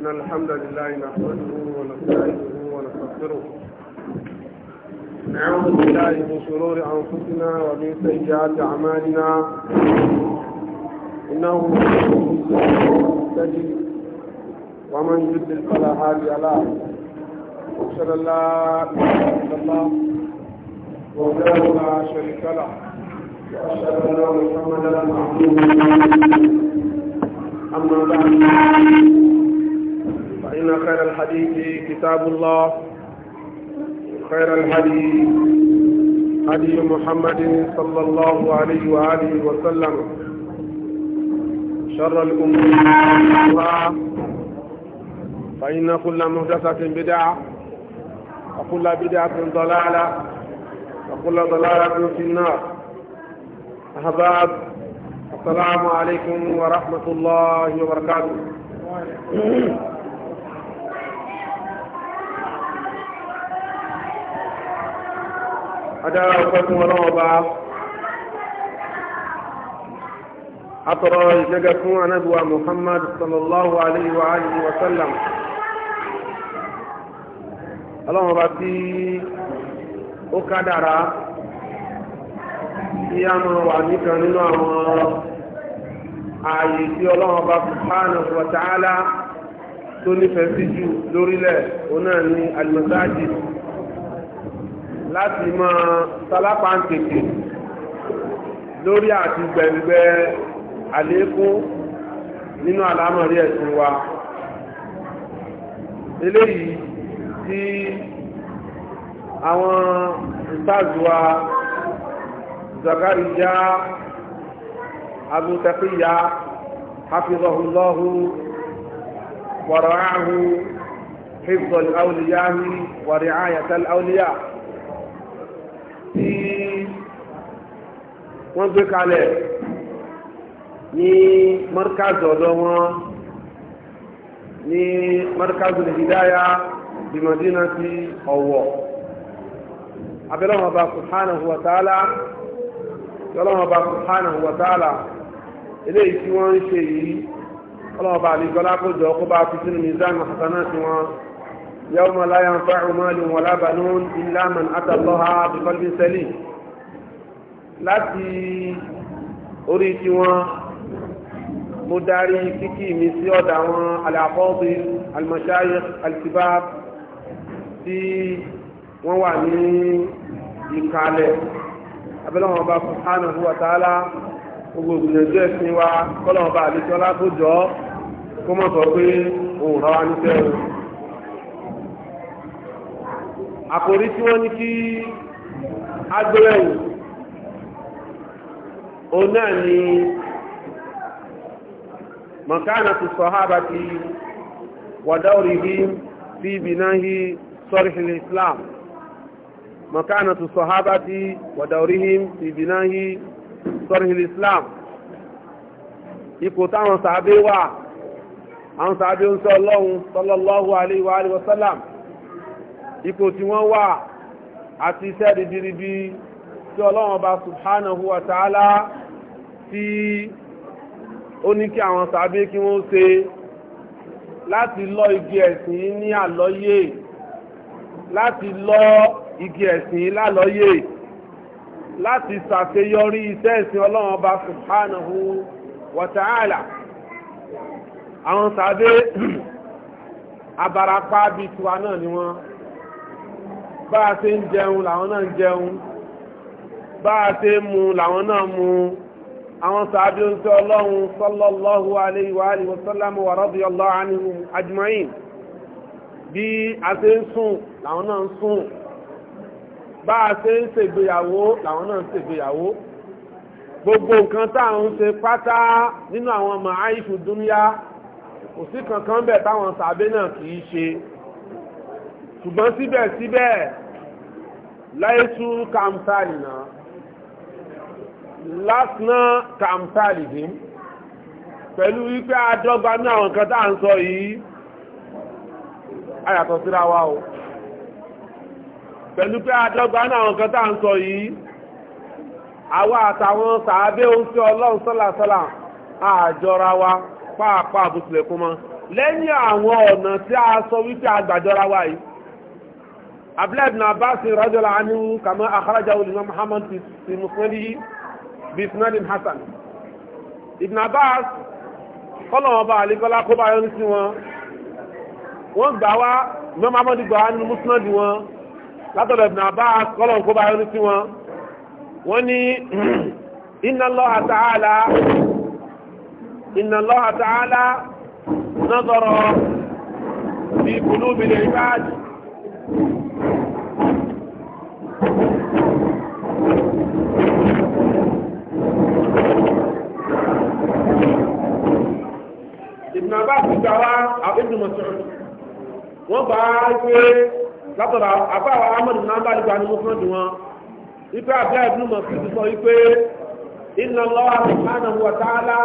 إن الحمد لله نحمده ونستعينه ونستغفره نعوذ بالله من شرور أنفسنا ومن سيئات أعمالنا إنه مهتدي ومن يضلل فلا هادي له أشهد أن لا إله إلا الله وحده لا شريك له وأشهد أن محمدا عبده أما بعد فإن خير الحديث كتاب الله خير الحديث حديث محمد صلى الله عليه وآله وسلم شر الأمور فإن كل مهدسة بدعة وكل بدعة ضلالة وكل ضلالة في النار أحباب السلام عليكم ورحمة الله وبركاته adára ọpẹ́ fún ọlọ́wọ́ bá atọrọ ìjẹ́gẹ́ fún anábíwá muhammad sallallahu alayhi wa alihi wa sallam ọlọ́wọ́ bá tí ó kádàrá tí a máa wà nìkan nínú àwọn ààyè tí ọlọ́wọ́ bá subhanahu wa tó nífẹ̀ẹ́ sí jù lórílẹ̀ òun náà ni al láti mọ sálápá ń tètè lórí àti gbẹ̀ngbẹ́ àlékún nínú àlámọ̀rí ẹ̀sìn wa eléyìí tí àwọn ìsáàzùwa Zakariya abútafiya hafizahullahu wàràáhù hifzul auliyahi wàràáyàtàl auliyahi wọ́n gbé kalẹ̀ ní mọ́ríkàzì ọ̀dọ́ wọn ní mọ́ríkàzì ìdáyà bìmọ̀dínà ti ọ̀wọ̀ abẹ́lọ́wọ̀n ọba subhanahu wa ta'ala yọ́lọ́wọ̀n ọba subhanahu wa ta'ala eléyìí tí wọ́n ń ṣe yìí ọlọ́wọ̀n ọba kó jọ kó bá fi sínú mizan hasana sí wọn yawma la yanfa'u malun wala banun illa man ata Allaha bi qalbin láti orí tí wọ́n mo darí kíkí mi sí ọ̀dà àwọn àlàkọ́ọ̀bì alìmọ̀ṣáyé alìsíbá tí wọ́n wà ní ìkàlẹ̀ abẹ́lẹ́wọ̀n bá subhanahu wa ta'ala gbogbo ìgbìyànjú ẹ̀sìn wa kọ́lọ̀wọ̀n bá àlejọ́lá tó jọ kó mọ̀ sọ pé òun rárá níṣẹ́ rẹ̀ àkòrí tí wọ́n ní kí agbẹ́rẹ́yìn òun náà ni mọ̀kánà ti sọ̀hábà ti wàdáwòrìhí sí ìbìnáhí sọ́rìhìl islam mọ̀kánà ti sọ̀hábà ti wàdáwòrìhí sí ìbìnáhí sọ́rìhìl islam ipò táwọn sàábé wà àwọn sàábé ń sọ ọlọ́run sallallahu alaihi wa alihi tí ó ní kí àwọn sàábé kí wọ́n ṣe láti lọ igi ẹ̀sìn ní àlọ́yé láti lọ igi ẹ̀sìn lálọ́yé láti ṣàṣeyọrí iṣẹ́ ìsìn ọlọ́run ọba subhanahu wa àwọn sàábé abarapá bíi tiwa náà ni wọ́n bá a ṣe ń jẹun làwọn náà ń jẹun bá a ṣe ń mu làwọn náà ń mu àwọn sàábí ń tẹ́ ọlọ́run sallallahu alayhi wa alihi wa sallam wa radiyallahu anhum ajma'in bí a ṣe ń sùn làwọn náà ń sùn bá a ṣe ń ṣègbéyàwó làwọn náà ń ṣègbéyàwó gbogbo nǹkan tá à ń ṣe pátá nínú àwọn màáìṣù dúnyá kò sí kankan bẹ̀ táwọn sàábé náà kì í ṣe ṣùgbọ́n síbẹ̀síbẹ̀ láìsú kàmsáàlì náà lásán kàmpáàlìdì pẹ̀lú wípé adọ́gba ní àwọn nǹkan tá à ń sọ yìí ayàtọ̀ síra wa o pẹ̀lú pé adọ́gba ní àwọn nǹkan tá ń sọ yìí àwa àtàwọn sàábé oúnjẹ ọlọ́run sọ́làsọ́là àjọra wa pàápàá àbúsílẹ̀ kó mọ́ lẹ́yìn àwọn ọ̀nà tí a sọ wípé àgbàjọra wa yìí abdullahi ibn abbas radiyallahu anhu kama akhrajahu al-imam muhammad fi musnadihi bisnadin hasan ibn abbas kọ́lọ̀wọ́ bá àlekọ́lá kó bá yọrí sí wọn wọ́n gbà wá mẹ́mọ́ amọ́dé nínú musnad wọn látọ̀dọ̀ ibn abbas kọ́lọ̀wọ́ kó bá yọrí sí wọn wọ́n ni, inna inna ibnu Mas'ud wọn gbà á pé látọ̀dọ̀ àbáwá Ahmad nígbà ni mo fọ́n wọn ipe àbí ibnu Mas'ud sọ wípé inna Allah subhanahu wa ta'ala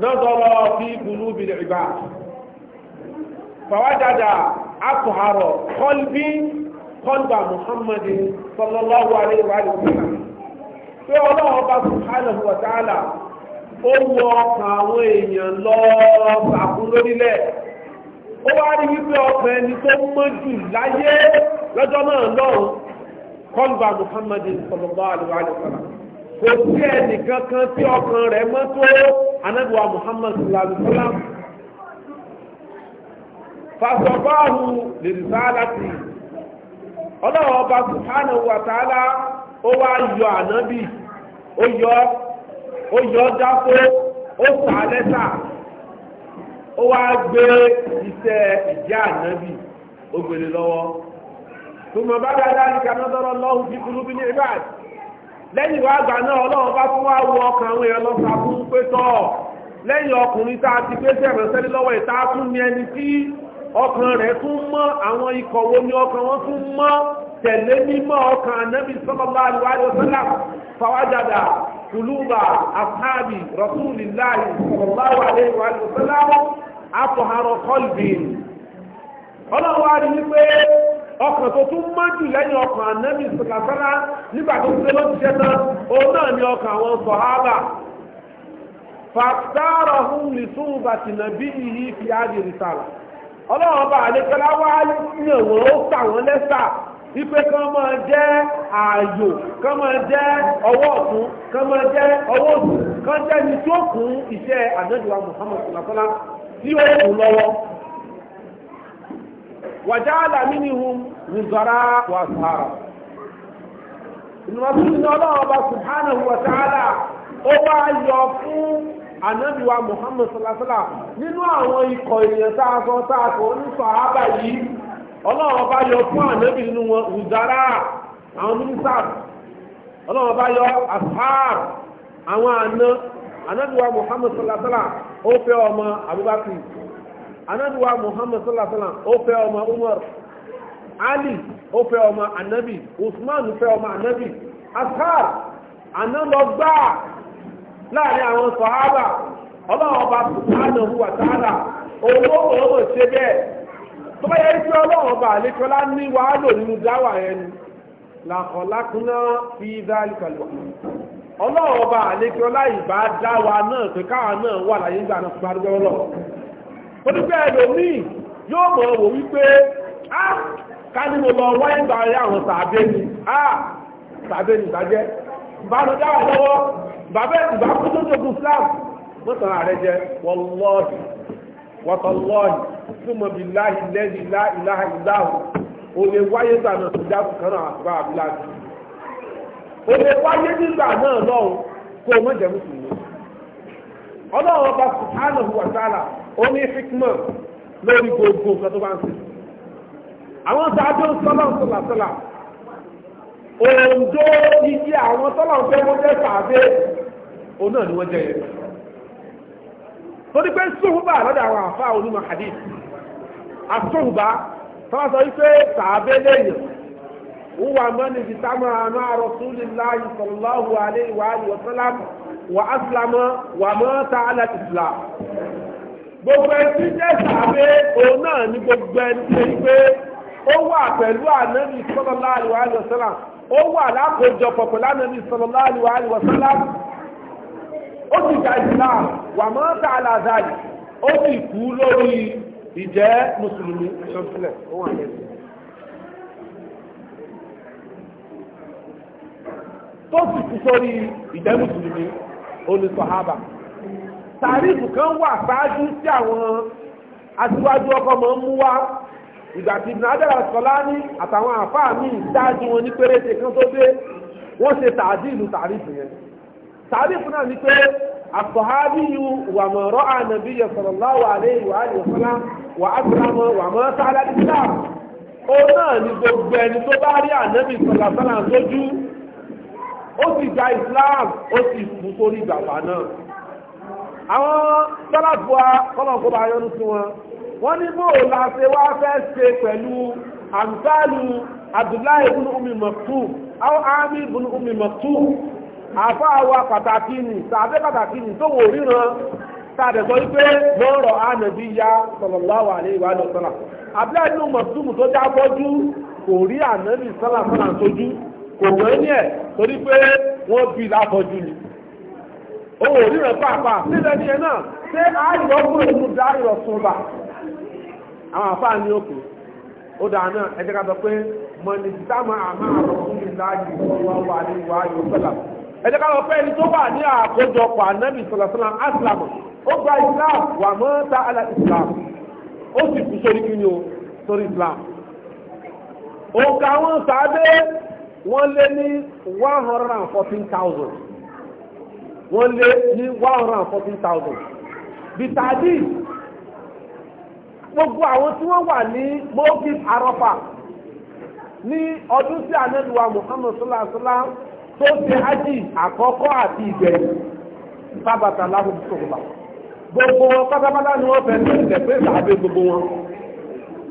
nadara fi qulubil ibad fawajada atuharo qalbi kọlba muhammadin sallallahu alayhi wa sallam pé ọlọ́run bá subhanahu wa ta'ala ó wọ ọkàn àwọn èèyàn lórílẹ̀ ó wá rí wípé ọkàn ẹni tó mọ́ láyé lọ́jọ́ náà lọ́run kọlùbà Muhammad sọlọ́bà àlùwàlùwàlà kò sí ẹnì kankan tí ọkàn rẹ̀ mọ́ tó ọlọ́wọ́ ọba sùhánà ó wá yọ ànábì ó yọ ó ó wá gbé iṣẹ́ ìjà ànábì ó gbélé lọ́wọ́ tùmọ̀ bá dáadáa ní kanadọ́rọ́ lọ́hùn fi kúrú ní ibad lẹ́yìn wá gbà náà ọlọ́run bá tún wá wo ọkàn àwọn fún pé tọ́ lẹ́yìn ọkùnrin tá a ti gbé sí ẹni tí ọkàn rẹ̀ tún mọ́ àwọn ikọ̀ wo ni ọkàn wọn tún mọ́ tẹ̀lé mímọ́ ọkàn ànábì قلوب أصحاب رسول الله صلى الله عليه وآله وسلم أطهر قلب ọlọ́run wá ọkàn tó tún jù lẹ́yìn ọkàn anẹ́bí sọ̀kàsára nígbà tó ṣe ló ti ṣe tán òun náà ni ọkàn àwọn fàtàrà ipe kan máa jẹ́ ayo kan máa jẹ́ ọwọ́ ọ̀tún kan kan jẹ ní Muhammad sọlá tí ó kún lọ́wọ́ wàjáàlà mínihun wùzọ́rá wàsára ìnùwàsí ní ọlọ́wọ́ bá subhana wa ta'ala ó bá yọ fún Muhammad sọlá nínú àwọn ikọ̀ tá a sọ tá a ọlọ́run bá yọ fún ànábì nínú wọn ùzárà àwọn mínísàt ọlọ́run bá yọ ashab àwọn àna anábìwá muhammed ó fẹ́ ọmọ abubakar anábìwá muhammed sallasala ó fẹ́ ọmọ umar ali ó fẹ́ ọmọ anabi. usman fẹ́ ọmọ anabi. Asaa àná lọ gbaa láàrin àwọn sọ̀hábà ọlọ́run bá owó tó bá yẹ kí ọlọ́run ọba àlékọ́lá ní nínú dáwà yẹn ni làkọ̀lákúná fi pẹ̀lú ọlọ́run ọba àlékọ́lá ìbá dáwà náà pé káwa náà wà láyé ìgbà náà fún arúgbó ọlọ́run ó ní yóò mọ̀ wò wípé á ká ní mo lọ wá ìgbà àwọn sàbẹ́ ni á sàbẹ́ ni ìbàjẹ́ dáwà lọ́wọ́ bàbá wọ́tọ̀lọ́ọ̀yì súnmọ́ bí láì lẹ́yìn láìláà ìdáhùn o lè wáyé gbà náà tó dákùn o lè wáyé nígbà náà kó o mọ̀ jẹ́ mùsùlùmí ọlọ́run ọba ó ní gbogbo nǹkan tó bá ń àwọn sáájú òǹdó àwọn ń torí pé awa lọ́dọ̀ àwọn àfa onímọ̀ hadith àsóhùbà tọ́wọ́ sọ wípé tàbí lẹ́yìn wúwa mọ́ni ti támà náà rasulillahi sallallahu alayhi wa alihi wa sallam wa aslama wa mata ala islam gbogbo ẹtí jẹ́ sàbẹ́ òun náà gbogbo ẹtí ṣe pé wa sallam ó wà lákòójọpọ̀ wa sallam ó sì gba islam wà mọ́ tààlà àdáyé ó sì kú lórí ìjẹ́ mùsùlùmí ṣọ́sílẹ̀ ó wà lẹ́sìn. tó sì kú sórí ìjẹ́ mùsùlùmí olùsọ̀hábà tàrífù kan wà ṣáájú sí àwọn aṣíwájú ọkọ̀ mọ́ ń mú wá ìgbà tí ibùdó adára sọlá ní àtàwọn àfáà míì ṣáájú wọn ní péréte kan tó dé wọ́n ṣe tàdí ìlú tàrífù yẹn tàbífù náà ni pé àtọ̀hábíyù wà mọ̀ rọ́ ànàbí yẹ sallallahu alaihi wa alihi wa sallam wà ábúrámọ̀ wà mọ̀ sáálá nígbà ó náà ni gbogbo ẹni tó bá rí ànàbí sọ̀làsọ́là lójú ó sì gba Islam ó sì mú sórí ìgbàgbà náà àwọn sọ́làbùwà kọ́lọ̀kọ́bà yọnu sí wọn wọ́n ní bó la ṣe wá fẹ́ ṣe pẹ̀lú àmsáàlù Abdullahi ibn Ummi Maktum aw Amir ibn Ummi Maktum àfáà awa pàtàkì tàbí pàtàkì tó wò ríran tàbẹ̀sọ wípé lọ́rọ̀ ànàbí ya sallallahu mọ̀túmù tó kò rí ànàbí sọ́là sọ́là kò ní ẹ̀ torí pé wọ́n bí láfọ́jú ni ó ríran pàápàá nílẹ̀ ní ẹ̀ náà ṣé àìyọ́ fún ìlú dárìrọ̀ sùn bà àwọn àfáà ní òkè ó dáa náà ká sọ pé àwọn ẹ̀jẹ̀ ká lọ fẹ́ ẹni tó wà ní àkójọpọ̀ ànábì sọ̀làsọ̀là aslam ó gba islam wà mọ́ ta ala islam ó sì kú sórí kí ni o sórí islam òǹkà wọn sàádé wọ́n lé ní one hundred and fourteen thousand Wọn lé ní one hundred and fourteen thousand bitadi gbogbo àwọn tí wọ́n wà ní mokis arọ́fà ní ọdún sí anẹ́lùwà muhammadu sallallahu alaihi wa sallam tó a ájì àkọ́kọ́ àti ìgbẹ̀yìn sábàtà láhùn gbogbo wọn pátápátá ni wọ́n fẹ́ tẹ̀lẹ̀ pé gbogbo wọn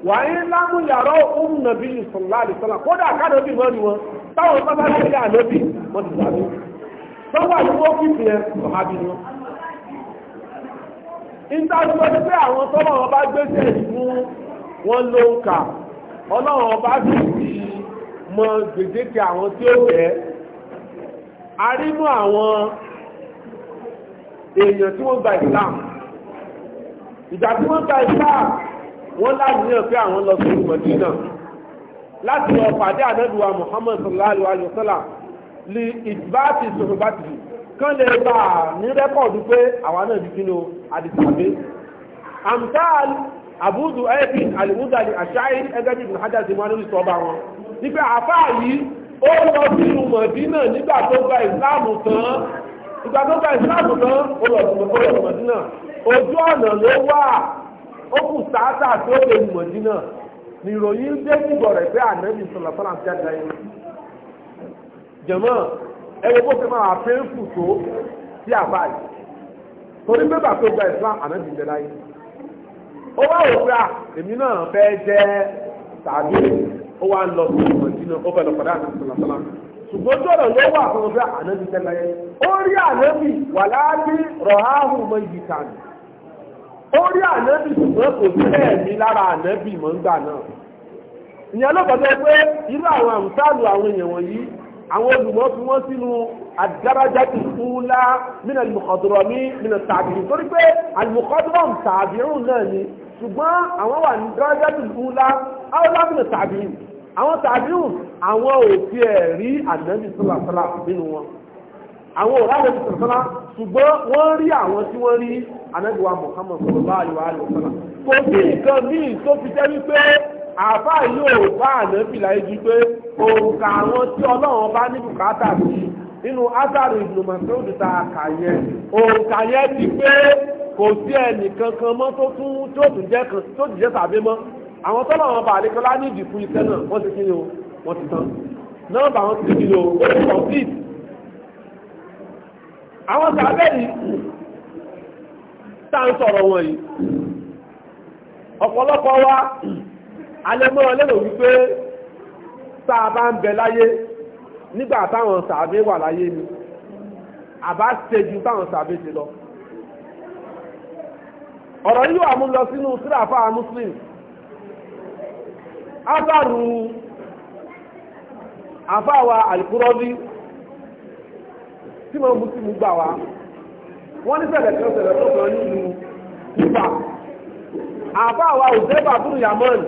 wàyí lámú yàrá òun nàbí ìsọ̀lá àdìsọ́lá kódà mọ́ ni wọn táwọn pápá wọ́n ti sọ́wọ́ àwọn wọn bá fún wọn ló ń kà mọ gbèdéke àwọn tí ó a rí mú àwọn èèyàn tí wọ́n gba islam ìgbà tí wọ́n gba islam wọ́n láàrin pé àwọn lọ sí Mádínà láti lọ pàdé ànábìwá Muhammad sallallahu alayhi wa sallam li ìdíbàtì sọ̀rọ̀bàtì kán lè bá ní rẹ́kọ̀dù pé àwọn náà dìkí ní àdìsàbé amtal abudu ẹ̀fìn alìmúdàlì àṣáyé ẹgẹ́bí ìbùn hajjá ti mọ́ nílùú sọ́ba wọn ní pé àfáà yìí ó lọ sínú mọ̀dínà nígbà tó gba ìsìláàmù tán ìgbà tó gba ìsìláàmù tán ó lọ sí mọ̀dínà ojú ọ̀nà ló wà ó kù sáátà tó lè mọ̀dínà nìròyìn dé nígbọ̀ rẹ̀ pé ànábì sọ̀rọ̀ sọ́là ti àgbà yìí jẹ̀mọ́ ẹ wo bó ṣe máa fẹ́ fù tó sí àbáyé torí pé bàtó gba ìsìláàmù ànábì ń bẹ láyé ó wá òwúrà èmi náà fẹ́ jẹ́ tàbí ó wá ń lọ sí ìmọ̀tínú ó fẹ́ lọ pàdé àti sọ̀làsọ̀là ṣùgbọ́n tọ̀rọ̀ ló wà fún ọgbẹ́ ànábì tẹ́lẹ̀ yẹn ó rí ànábì wà láàbí rọ̀háhù mọ ibi kan ó rí ànábì ṣùgbọ́n kò sí ẹ̀mí lára ànábì mọ̀ ńgbà náà ìyẹn ló kọjá pé irú àwọn àmúṣáàlù àwọn èèyàn wọ̀nyí àwọn olùmọ̀ fi wọ́n sínú àdárájá ti fúlá nínú àlùmọ̀kọ́dúrọ̀ ní nínú tàbí torí pé àlùmọ̀kọ́dúrọ̀ tàbí rùn náà ni ṣùgbọ́n àwọn wà ní dárájá ti fúlá áwọ́lá nínú tàbí rùn àwọn tàbíùn àwọn òfí ẹ̀ rí àdẹ́bì sọ́làsọ́là nínú wọn àwọn òráwọ̀ sọ́làsọ́là ṣùgbọ́n wọ́n rí àwọn tí wọ́n rí anẹ́bíwá Muhammad sọ̀rọ̀lá àríwá àríwá sọ́là kò sí nǹkan míì tó fi jẹ́ wípé àbá yóò bá ànẹ́bì láyé ju pé òǹkà àwọn tí ọlọ́run bá ní bùkátà sí nínú ásàrò ìgbìmọ̀ tó ń ta àkà yẹn òǹkà yẹn ti pé kò sí ẹnì kankan mọ́ tó tún tó tún jẹ́ tàbí mọ́ àwọn tọ́lọ̀ wọn bá àlékọ́ lá ní ìdìkú iṣẹ́ náà wọ́n ti kí ni o wọ́n ti tán nọ́ọ̀bà wọn ti kí ni o ó ti complete àwọn sàbẹ́ yìí tá à ń sọ̀rọ̀ wọn yìí ọ̀pọ̀lọpọ̀ wa alẹ́mọ́ra lérò wípé tá a bá ń bẹ láyé nígbà táwọn sàbẹ́ wà láyé ni àbá ṣe ju táwọn sàbẹ́ ti lọ ọ̀rọ̀ yìí wà mú lọ sínú sílàfà muslim ábàrù àfáwà àlùkùrọ́bí tí wọ́n mú sí mú gbà wá wọ́n ní ṣẹlẹ̀ kan ṣẹlẹ̀ tó kan nínú ìgbà àfáwà òṣèlú fún yamani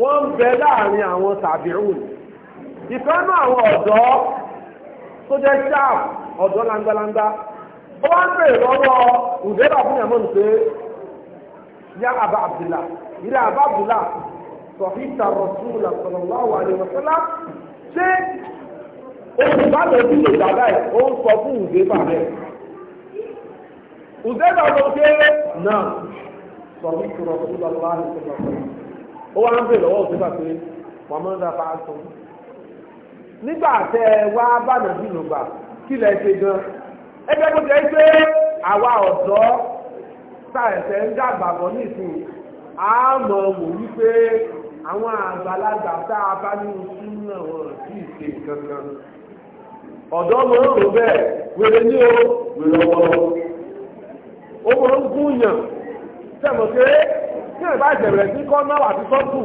wọ́n ń bẹ láàrin àwọn tàbíùn ìfẹ́ náà àwọn ọ̀dọ́ tó jẹ́ sáà ọ̀dọ́ langalanga ó wá ń bèèrè lọ́wọ́ òṣèlú fún yamani pé yá àbá Abdullah sọ̀hítà rọ̀túnlá sallallahu alaihi wasallam ṣé olùbálò tí lè dàgbà ẹ̀ ó ń sọ fún ùdébà rẹ̀ ùdébà ló dé náà sọ̀hítà rọ̀túnlá sallallahu alaihi wasallam ó wá ń bè lọ́wọ́ ùdébà pé màmá ń dábàá sọ nígbà tẹ wá bá nàbí lògbà kí lẹ ṣe gan ẹgbẹ́ bó ṣe pé àwa ọ̀dọ́ tá ẹ̀sẹ̀ ń dàgbà bọ̀ nísìnyí àmọ́ wò wípé àwọn àgbàlagbà tá a bá nínú súnmọ́ wọn sí ìṣe kankan ọ̀dọ́ mọ̀ ń rò bẹ́ẹ̀ were ní o wèrè ọpọlọ ó mọ̀ ń gún yàn sẹ́mọ̀ pé tí ẹ̀ bá jẹ̀rẹ̀ sí kọ́nà àti sọ́kù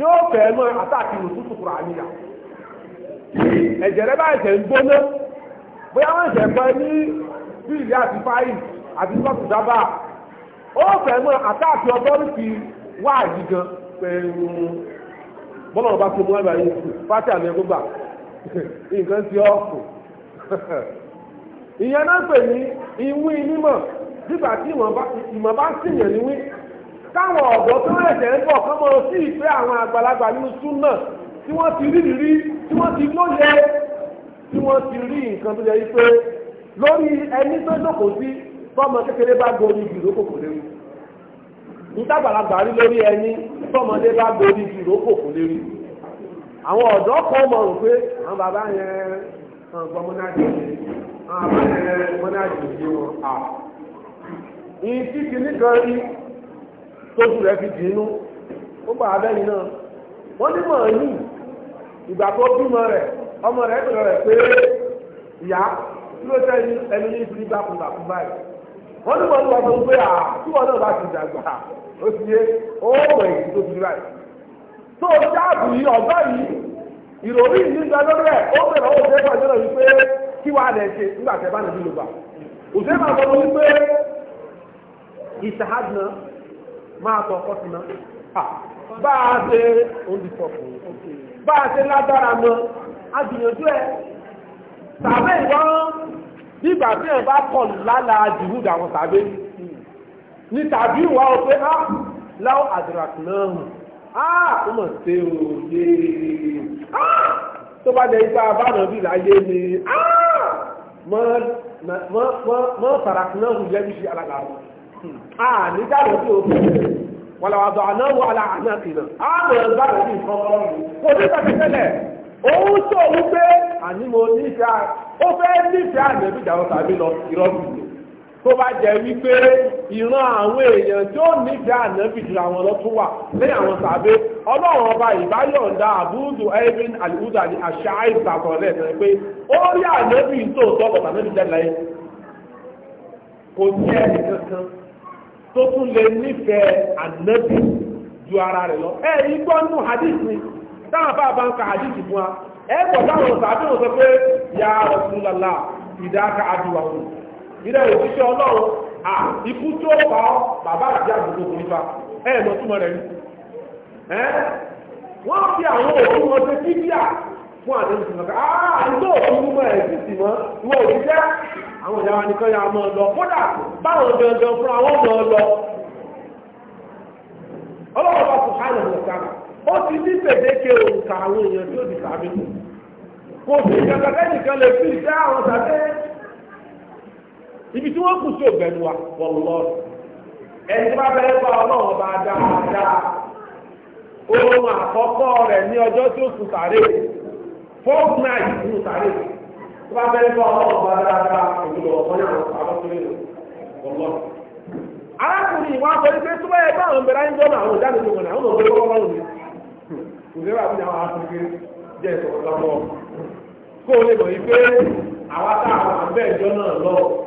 yóò fẹ́ mọ́ àtàkì ẹ̀jẹ̀ bá ẹ̀jẹ̀ ń gbóná bóyá wọ́n pẹ́ ní bíìlì àti fáìlì àti wá àyí gan pẹ̀lú bọ́lọ̀ bá tó mú ẹgbà yìí sí pátí àmì ẹgbọ́gbà nǹkan ti ọ̀pù ìyẹn náà pè ní ìwí mímọ̀ nígbà tí ìmọ̀ bá sì yàn níwí káwọn ọ̀dọ́ tó rẹ̀jẹ̀ ń bọ̀ kọ́mọ sí ìfẹ́ àwọn àgbàlagbà nínú súnà tí wọ́n ti rí rírí tí wọ́n ti lóye tí wọ́n ti rí nǹkan tó yẹ wípé lórí ẹni tó jókòó sí tọ́mọ kékeré bá gorí ìlú kòkòrò léwu nítàgbàlagbà rí lórí ẹni tọmọdé bá borí ìrókò kò lérí àwọn ọ̀dọ́ kan mọ̀ rò pé àwọn bàbá yẹn hàn gbọ́ mọ́nájì àwọn bàbá yẹn mọ́nájì sí wọn à ìyí tí kìíní kan rí tóṣù rẹ̀ fi dìínú ó gbà abẹ́ni náà wọ́n ní mọ̀ ní ìgbà tó bímọ rẹ̀ ọmọ rẹ̀ bẹ̀rẹ̀ rẹ̀ pé ìyá tí ló tẹ́ ẹni ní ìfúnigbà kùnà kùnà báyìí wọ́n ní mọ̀ ní wọ́n tó ń gbé à tí ó ti yé ó wẹ̀ èyí tó ti rà yìí tó jáàbù yìí ọ̀gá yìí ìròrí yìí gba lórí ẹ̀ ó bẹ̀rẹ̀ ó bẹ̀rẹ̀ ọjọ́ náà wípé kí wàá lẹ̀ ṣe nígbà tẹ́ bá nà bí ló bá òṣèré máa sọ wípé ìtàhádùnà máa tọ ọkọ tìǹà bá a ṣe olùsọ̀kù bá a ṣe lágbára mọ́ agbìyànjú ẹ̀ tàbí ìwọ́n bí ìgbà tí ẹ̀ bá kọ̀ lálàá jùlù dàwọn tàbí ní tàbí ìwà ọ pé á ah, láwọ àdìràkùnáhùn á ah, ó mọ̀ sí òye á ah, tó bá jẹ́ ipá abáná bí láyé ni á mọ́ tàràkùnáhùn lẹ́bí sí alágbàwọ̀ á ní dáàbò tí ó fẹ́ wọ́n làwọn àdọ̀ ànáwó aláàánà kìnnà á mọ̀ ẹ̀ bá rẹ̀ bí nǹkan ọ̀rọ̀ kò ní tàbí tẹ́lẹ̀ òun tó wípé àní mo nífẹ̀ẹ́ ó fẹ́ nífẹ̀ẹ́ àmì ẹ̀bí ìjà ọ̀sà mi lọ ìrọ́bù tó bá jẹ́ wípé ìran àwọn èèyàn tí ó n'ife ànábì jùlọ àwọn lọ́tún wà lẹ́yìn àwọn sàbẹ́ ọlọ́run ọba ìbáyọ̀ǹda àbúrúdù ẹ̀rín àlùhúdà ní àṣà àìsàtọ̀ lẹ́ẹ̀kan pé ó rí ànábì tó tọ́kọ̀ tànábì jẹ́ láyé kò sí ẹni kankan tó tún lè nífẹ̀ẹ́ ju ara rẹ̀ lọ ẹ̀ igbó nù hadith táwọn bá bá ń ka fún wa ẹ̀ pọ̀ táwọn wọn sọ pé à ikú tí ó pa ọ́ bàbá àti àgbègbè kò nípa ẹ lọ túmọ̀ rẹ̀ ní. wọ́n fi àwọn òkú wọn fún àdéhùn ọ̀gá àìsó òkú mímọ́ ẹ̀ sì mọ́ àwọn ìyàwó nìkan ya mọ́ lọ ọmọ lọ. ọlọ́wọ́ bá lọ ó ti ní pèdéke òǹkà àwọn ibi tí wọ́n kù sí òbẹ̀nu wa wọ́lọ́ ẹni tí bẹ̀rẹ̀ bá ọlọ́run bá dáadáa ohun àkọ́kọ́ rẹ̀ ní ọjọ́ tí ó sùn sáré fọ́ọ̀kù náà yìí sùn sáré tí wọ́n bẹ̀rẹ̀ bá ọlọ́run bá dáadáa òwúlọ̀ ọ̀kan náà àwọn arákùnrin sọ wípé tí wọ́n yẹ bá àwọn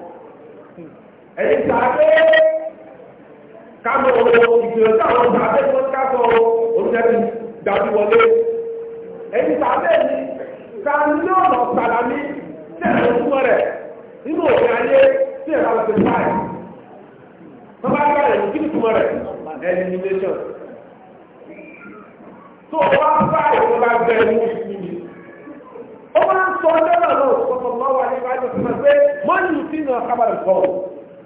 ẹ̀yìn sàábé kámọ̀ ìgbìyànjú àwọn sàábé tó kákọ̀ oníṣẹ́bí dájú wọlé ẹ̀yìn sàábé ní kàmílíọ̀nù sàlámí tẹ̀lé fún rẹ̀ nínú òfin ayé tí ẹ̀ka lọ́sẹ̀ báyìí tó bá gbà ẹ̀yìn kí ni túmọ̀ rẹ̀ elimination tó o wá bá ìwọ bá gbẹ ní ìsinmi ó máa ń sọ ọjọ́ náà lọ́wọ́ sọ́kọ̀ lọ́wọ́ àyíká ìjọba pé mọ́nì tí ń lọ kábàlì kọ́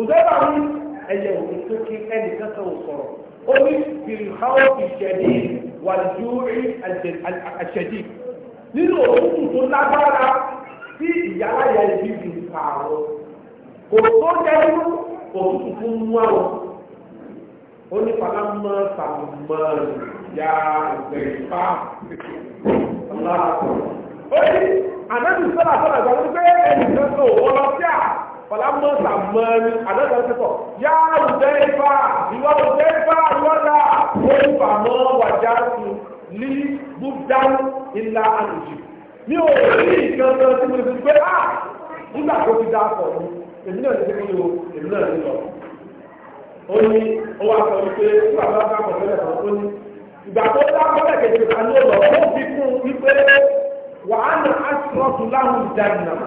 òṣèlú àwọn ẹ̀yẹ òní tó kí ẹnì kankan ò sọ̀rọ̀ ó ní bìrìkáwọ́ ìṣẹ̀dí wàjú àṣẹ̀dí nínú òkùnkùn tó lágbára tí ìyáláyà ìbí fi pa àwọn kò tó dẹrú òkùnkùn tó mú àwọn ó ní falamọ́ sàmọ́ ya ìgbẹ̀fà ọlá ó ní ànábì sọ́là sọ́là gbàgbé ẹnì kankan lọ sí à falamma samani anaga sọ ya Hudayfa ìwọ Hudayfa ìwọ́dà wọ́n fà mọ́ wàjá sí ní búdán ilá àlùjì mi ò rí nǹkan kan tí mo fi pé à nígbà tó fi dáa pọ̀ ní èmi náà ti fi lo èmi náà ti lọ. ó ní ó wá sọ wípé nígbà tó dáa pọ̀ sílẹ̀ kan ó ní ìgbà tó dáa pọ̀ lẹ̀ kẹ̀kẹ́ kan ló lọ ó fi kún wípé wàhálà á sọ̀tún láwùjá ìnáwó.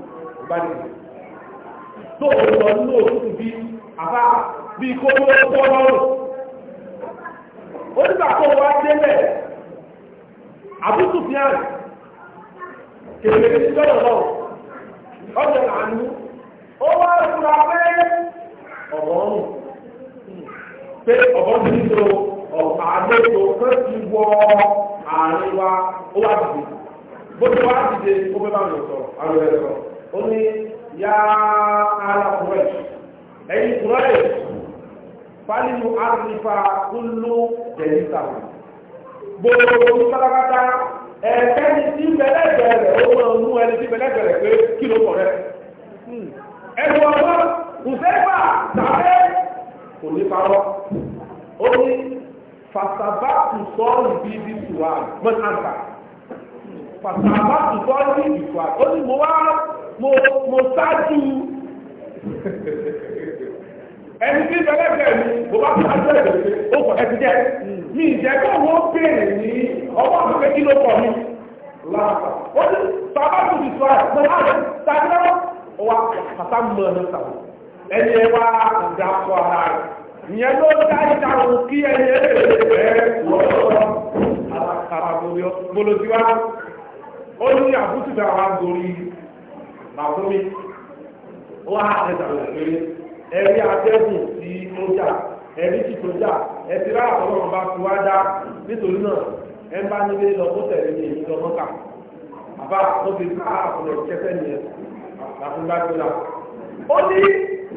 bá nìyí tó o sọ nínú òtútù bí àbá bí kó ló kọ́ lọ́rùn onígbà tó wá délẹ̀ àbútù fi hàn kèké ní sọ́dọ̀ náà ọ̀dọ̀ làánú ó wá fúra pé ọ̀bọ̀ ọ̀rùn pé ọ̀bọ̀ ti ń lo ọ̀pá àgbẹ̀tò pé ti wọ àárín wa ó wá dìde bó ti wá dìde ó fẹ́ bá mi sọ̀rọ̀ àwọn ẹ̀rọ ó ya yá ara kúrẹ́ṣ ẹ̀yìn kúrẹ́ṣ fálínú àrífà kúlú jẹ̀yìntà gbogbo pátápátá ẹ̀ẹ́kẹ́ni tí bẹ̀lẹ́gbẹ̀rẹ̀ ó máa mú ẹni tí bẹ̀lẹ́gbẹ̀rẹ̀ pé kí ló kọ̀ rẹ̀ hmm. ẹ̀rù ọ̀rọ̀ kùsẹ́fà tàbẹ́ kò ní parọ́ ó ní fàtàbà kùsọ́ọ̀lù bíi bíi tùwà mọ́tàǹtà hmm. fàtàbà kùsọ́ọ̀lù bíi tùwà ó ní mo wá mo ṣáájú ẹni tí ìfẹ́lẹ́fẹ́ ni mo bá fi ṣáájú ẹ̀jẹ̀ ó ti jẹ́ mi ìjẹ́ wọ́n ní ọwọ́ àgbẹ̀fẹ́ kí ló mi láàpá ó ní bàbá ti sọ àìsàn láàrẹ̀ lọ́wọ́ ó wá sàwọn ẹni ẹ wá ara rẹ̀ ìyẹn ló dá òun kí ẹni ẹ lè bẹ́ẹ̀ lọ́wọ́ àràkàrà màkúmi ó wá àtẹ̀sàlẹ̀ pé ẹ̀rí atẹ́gùn sí ọjà ẹ̀rí tìtọ́jà ẹ̀sì rárá ọlọ́run bá fi wá dá nítorí náà ẹ̀ ń bá nílé lọ kó tẹ̀lé ní èyí lọ mọ́ta àbá ó fi ká àkùnrin kẹfẹ́ nìyẹn làkùnrin bá gbé la. ó ní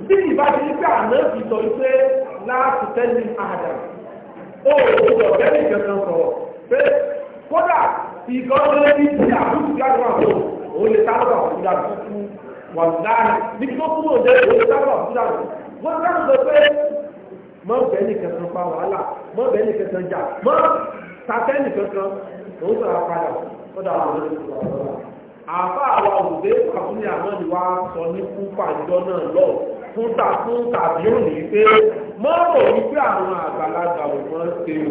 bí ìbáṣe ní pé àná ti sọ pé láti tẹ́lẹ̀ àdà ó gbọdọ̀ bẹ́ẹ̀ ní ìkẹ́kẹ́ sọ̀rọ̀ pé kódà ìgbọ́n lé ní ti òun lè sábà fúdà tuntun wà láàrin níbi tó kúrò jẹ́ òun lè sábà fúdà wọ́n sábà sọ pé mọ́ bẹ́ẹ̀ nìkan kan pa wàhálà mọ́ bẹ́ẹ̀ nìkan kan jà mọ́ tàtẹ́ nìkan kan òun sọ̀rọ̀ padà sọ́dọ̀ àwọn ọ̀rẹ́ àfa àwa òde àfúnni àmọ́ni wa sọ ní kúfà ìjọ náà lọ fún tà fún tàbí òní pé mọ́rọ̀ wípé àwọn àgbàlagbà ò mọ́ ṣe o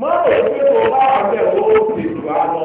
mọ́rọ̀ hmm. wípé o bá wà bẹ́ẹ̀ ó ṣe jù á lọ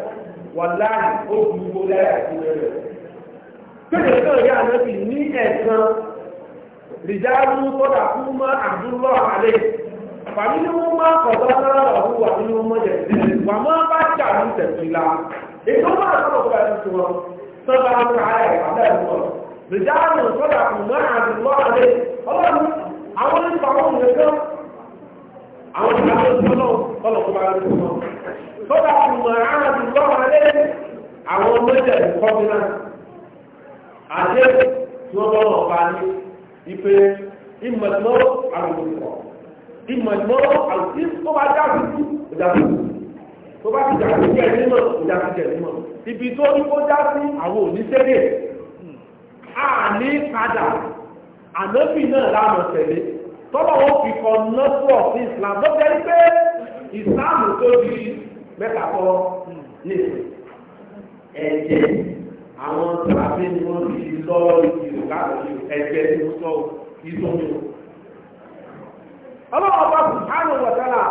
wà láàyè ó ju gbogbo láyà sí rẹ̀. Pété náà yá ànábì ní ẹ̀sán rìdáàlú sọ́dà fún mọ́ àdúrà àlẹ́. Fàmí ni wọ́n máa kọ̀dọ̀ sára ọ̀hún wà nínú ọmọ yẹn. Wà máa bá jà ní tẹ̀sí la. Èyí ó máa sọ̀rọ̀ fún ẹni tiwọn. Sọ́dà ń ka ayà ìpàdé ẹ̀kọ́. Rìdáàlú sọ́dà fún mọ́ àdúrà àlẹ́. Ọlọ́run àwọn ìfàwọn nìkan àwọn kọ́dà tó mọ̀ ààrùn lọ́wọ́ alẹ́ àwọn méjì kọ́mínà àdé tí wọ́n bọ́ wọn bá ní ipe ìmọ̀tìmọ́ àlùkò ìmọ̀tìmọ́ àlùkò tó bá dá dúdú ìdàkú tó bá ti dàkú jẹ́ nímọ̀ ìdàkú jẹ́ nímọ̀ ibi tó ní kó dá sí àwọn oníṣẹ́lẹ̀ àní padà ànábì náà láwọn tẹ̀lé tọ́lọ́wọ́ fi kọ́ nọ́tò ọ̀sìn Islam lọ́jọ́ pé Islam tó di mẹ́ta kọ́ ẹ̀jẹ̀ àwọn tàbí ni wọ́n ti lọ ìlú káàkiri ẹ̀jẹ̀ ni sọ ìsọmi. ọlọ́wọ́ bá kù hánà wọ̀tẹ́là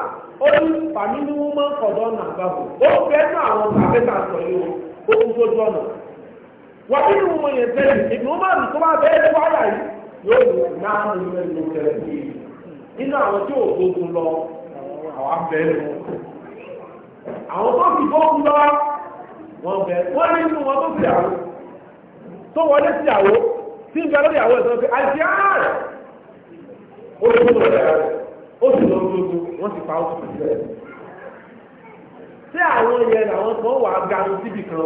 ó ní fàmílì wọn máa ń kọ̀dọ̀ nàgbàgbọ́ ó fẹ́ àwọn tà sọ yìí ó kú sójú ọ̀nà wọ́n ní yẹn tẹ́lẹ̀ máa ń bá bẹ́ẹ̀ wáyà yìí yóò àwọn tó fi fóòkú lọ́wọ́ wọ́n bẹ̀ wọ́n ní inú wọn tó fi àwọn tó wọlé sí àwọ́ tí ń bẹ lórí àwọ́ ẹ̀sọ́ pé ó rẹ̀ ó sì lọ gbogbo wọ́n sì pa tí àwọn làwọn kan wà ganu síbi kan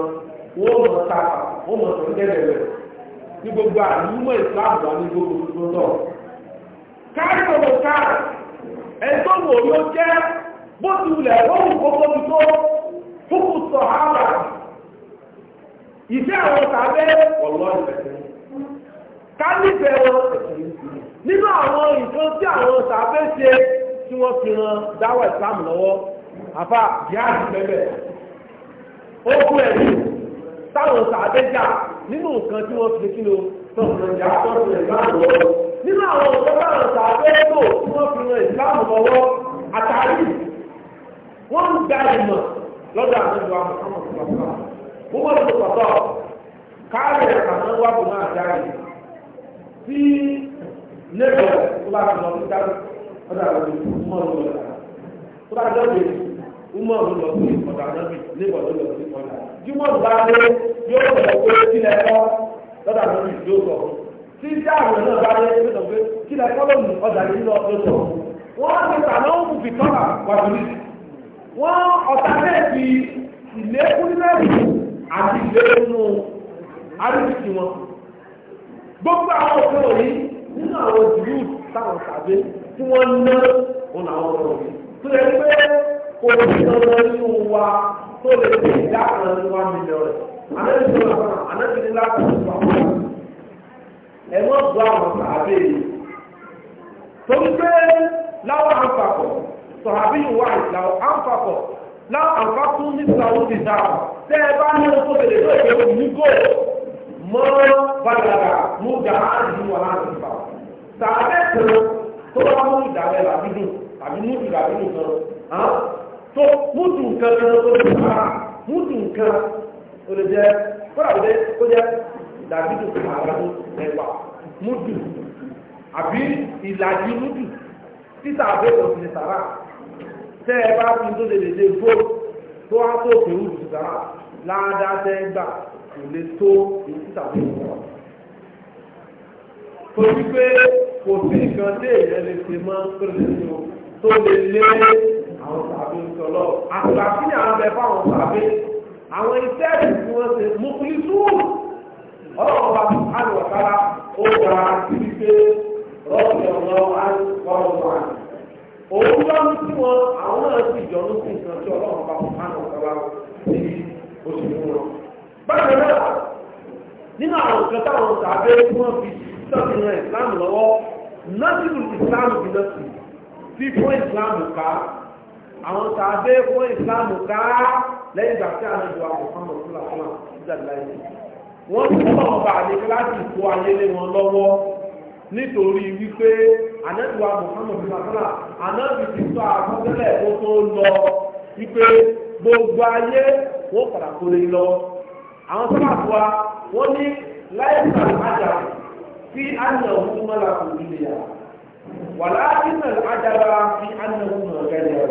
wọ́n mọ̀ ta wọ́n mọ̀ tó rẹ̀ ní gbogbo àdúgbò ìsìláàmù wà ní gbogbo bó ti wulẹ̀ lóhùn gbogbo ti tó fúkú sọ hàlà ìfẹ́ àwọn tàbẹ́ ọ̀lọ́ ìfẹ̀sẹ̀ kálífẹ̀ wọn nínú àwọn nǹkan tí àwọn tàbẹ́ ṣe tí wọ́n fi ran dáwà ìsìlámù lọ́wọ́ àfa yáàdì bẹ́ẹ̀ ó kú táwọn tàbẹ́ jà nínú nǹkan tí wọ́n fi kí ni o nínú àwọn nǹkan tàbẹ́ lò tí wọ́n fi ran ìsìlámù lọ́wọ́ àtàrí wọ́n ń gba ìmọ̀ lọ́dọ̀ àwọn ìlú àwọn ọmọ ìgbàgbọ́ mo mọ̀ lọ́dọ̀ pọ̀tọ́ wà tí nébọ̀ tó bá lọ sí dáná ọ̀dà lọ́dọ̀ ìmọ̀ lọ́dọ̀ tó bá lọ́dọ̀ ìmọ̀ lọ́dọ̀ sí sí bá lé yóò pé wọ́n ọ̀tá náà fi ìlékún àti gbogbo àwọn òfin òní nínú àwọn òdìlú táwọn tàbí tí wọ́n ná òun àwọn ọ̀rọ̀ òní tó yẹ pé kò sí wa tó lè fi ìdá kan ní wá mílíọ̀nù rẹ̀ anẹ́bìnrin lásán anẹ́bìnrin lásán ní wàhálà ẹ̀ mọ́ bu àwọn sọ̀hábí ìwà ìlàwọ̀ àǹfàkọ̀ láàpàkún ní sàúdì dáa tẹ́ ẹ bá ní oṣù tẹ̀lé tó ìwé òmùgò mọ́ balàgà mú dàá ní wàhálà nípa sàbẹ̀ kan tó bá mú ìdàbẹ̀ làbídùn àbí mú ìdàbídùn kan tó mútu nǹkan kan tó ti sára mútu nǹkan ó lè jẹ kọ́ra ó lè kó jẹ ìdàbídùn kan àgbàdo ẹ̀wà mútu àbí ìlàjì mútu títà àbẹ̀wò ti sàrà tẹ́ ẹ bá fi tó dédédé bó tó wá tó òkè wù sùgbà ládàá tẹ́ gbà kò lè tó èyí tàbí ìwọ̀n. torí pé kò sí nǹkan tí èèyàn lè ṣe mọ́ tó lè ṣe o tó lè lé àwọn tàbí ìṣọlọ àgbà kí ni àwọn abẹ fáwọn tàbí àwọn iṣẹ́ ìdìbò wọn ṣe mú kúlí túwò ọlọ́run bá ti á lọ sára ó gbà á sí ọ̀nà á ń wọ́n wọ́n wọ́n òun bá ń tí wọn àwọn náà sì jọ ló sì nǹkan tí ọlọ́run bá wọn bá wọn bá wọn níbi oṣù fún wọn. bákan náà nínú àwọn nǹkan táwọn tàbí tí wọ́n fi sọ́ọ̀tì ran islam lọ́wọ́ nọ́ọ̀tìlù islam bí nọ́ọ̀tì fi fún islam ká àwọn tàbí fún islam ká lẹ́yìn ìgbà tí àwọn ìjọba kò fáwọn fúlà fúlà nígbà láyé wọ́n tún bọ̀ ọba àdékọ́ láti kó ayé lé wọn lọ́wọ́ nítorí wípé ànẹ́tùwà Muhammadu masala ànábì ti sọ àkọsílẹ̀ tó tó lọ wípé gbogbo ayé wọ́n padà kó lè lọ àwọn sábà tó wa wọ́n ní láìsà àjà fi ànàwó mọ́lá kò nílé yà wà láìsà àjà bá fi ànàwó mọ́lá gẹ́gẹ́ yà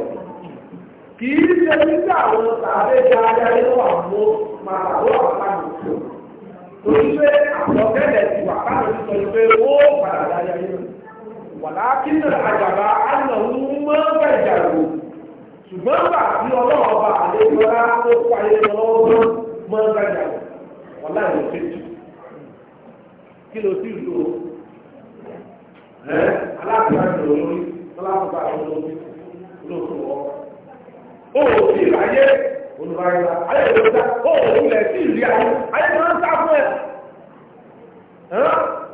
kì í ṣe nígbà àwọn tàbí dáadáa yẹn wà mú màtà wọ́n wà pàdé tó ní pé àkọsílẹ̀ ti wà pàdé tó ní pé ó padà dáadáa yẹn wàlákìn náà àjàbá ànàwó mọ́ gbẹ̀jàrò ṣùgbọ́n gbà bí ọlọ́run ọba àlejòra ó parí lọ́wọ́ mọ́ gbẹ̀jàrò wọ́n láì lọ sí jù kí ló sì lò ó aláàbíà lò ó lórí lọ́làbùbà àwọn olóògbé olóògbé wọ́n. ó ò sí ìráyé olùbáyọ̀ ayé ló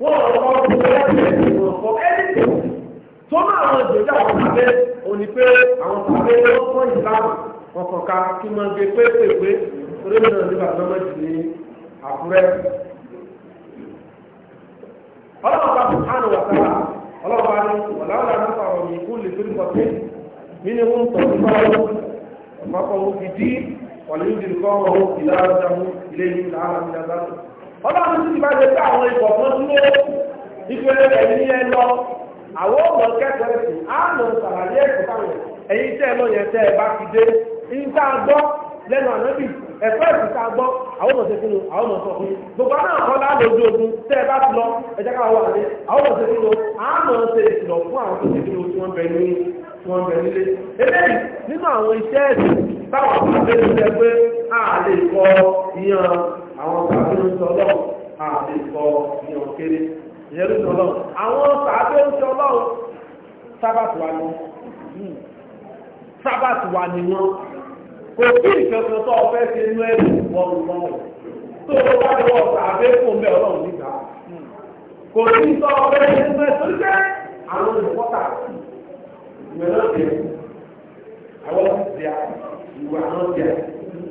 wọ́n ọ̀pọ̀ àwọn ìgbésẹ̀ àwọn tàbẹ́ òní pé àwọn tàbẹ́ ló kọ́ ìlànà ọ̀kọ̀ọ̀ka kí wọ́n gbé pépèpé torí náà nígbà tó mọ̀ jù ní àkúrẹ́. ọlọ́run bá fún àná wà sára ọlọ́run bá ní ọ̀làwọ̀lá lè fún ìfọ̀tí mí ni wọ́n tọ̀ sí ọlọ́run ti bá ṣe pé àwọn ikọ̀ kan dúró ife ẹ̀yìn yẹn lọ àwọn ọmọ kẹsàn-án ẹ̀sìn àánú sàlàyé ẹ̀sìn táwọn ẹ̀yìn tẹ́ ẹ lọ yẹn tẹ́ ẹ bá ti dé níta gbọ́ lẹ́nu ànábì ẹ̀fọ́ ẹ̀sìn tá a gbọ́ gbogbo ogun tẹ́ ẹ bá ti lọ ẹ̀jẹ̀ ká wà àwọn ọmọ ṣe àwọn tàbí ń sọ lọ́wọ́ àti sọ ní òkèrè ìyẹn ló sọ lọ́wọ́ àwọn tàbí ń sọ lọ́wọ́ sábàtì wa ni sábàtì wa ni wọn kò sí ìfẹsọ̀ tó ọfẹ́ ṣe inú ẹ̀rù wọ́n lọ́wọ́ tó o bá lọ́wọ́ tàbí fún mi ọlọ́run nígbà kò sí sọ ọfẹ́ ṣe inú ẹ̀rù tó jẹ́ àwọn olùkọ́ta ìwé náà jẹ́ àwọn ti di àwọn ti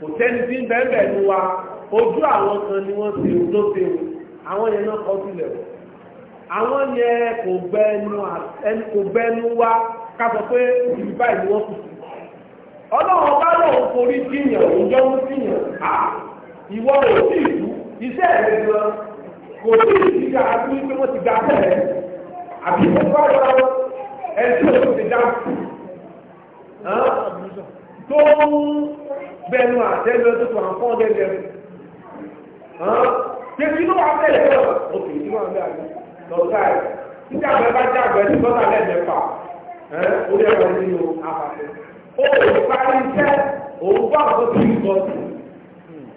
kò sẹ́ni tí ń bẹ́ẹ̀ bẹ́ẹ̀ ni wa ojú àwọn kan ni wọ́n ti tó ti wù àwọn yẹn náà kọ́ sílẹ̀ o àwọn yẹn kò gbẹ́nu wa ká sọ pé ìlú báyìí ni wọ́n kù sí ọlọ́run bá lóun forí jiyàn òjò ń jiyàn á ìwọ ò tí ì tú iṣẹ́ rẹ̀ gan kò tí ì ti ga àti wípé wọ́n ti ga bẹ́ẹ̀ àbí wọ́n bá wọ́n ẹni tí wọ́n ti dá tó ń bẹ́ẹ̀nu àtẹ́lẹ́ tó fà ń fọ́ dẹ́dẹ́ tẹ̀sí ló wà tẹ̀lé náà ó kì í sí wọn dáa lọ́ọ̀tà ẹ̀ níta àgbẹ̀ bá já àgbẹ̀ nígbà náà lẹ́ẹ̀mẹ́ fà ó yẹ wọn ní o àpapọ̀ ó lè parí iṣẹ́ òun bá àwọn tó ń bọ̀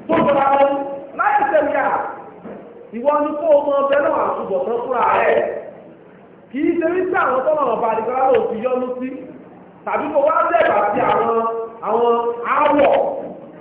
tó bọ̀dá wọn láì sẹ́mi à ìwọ ni kó o mọ ọbẹ̀ náà àtúbọ̀ tán fúnra rẹ̀ kì í ṣe wípé àwọn tó lọ́wọ́ bá àdìgbà lọ́wọ́ fi yọ́nú sí tàbí kó wá lẹ́ẹ̀bà sí àwọn àwọn áwọ̀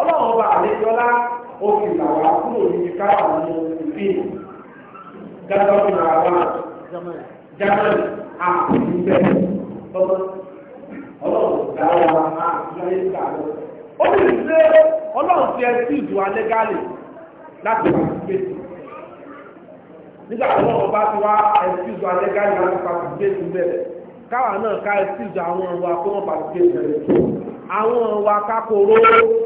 ọlọ́run ọba àlejọ́lá ó fi ní ìfín gẹ́gọ́bí làwà germany àti ìgbẹ́ ọlọ́run dáwà àti amẹ́ríkà lọ. ó ọlọ́run tí wọn bá ti wá láti pàṣípèsì bẹ́ẹ̀ káwà àwọn àwọn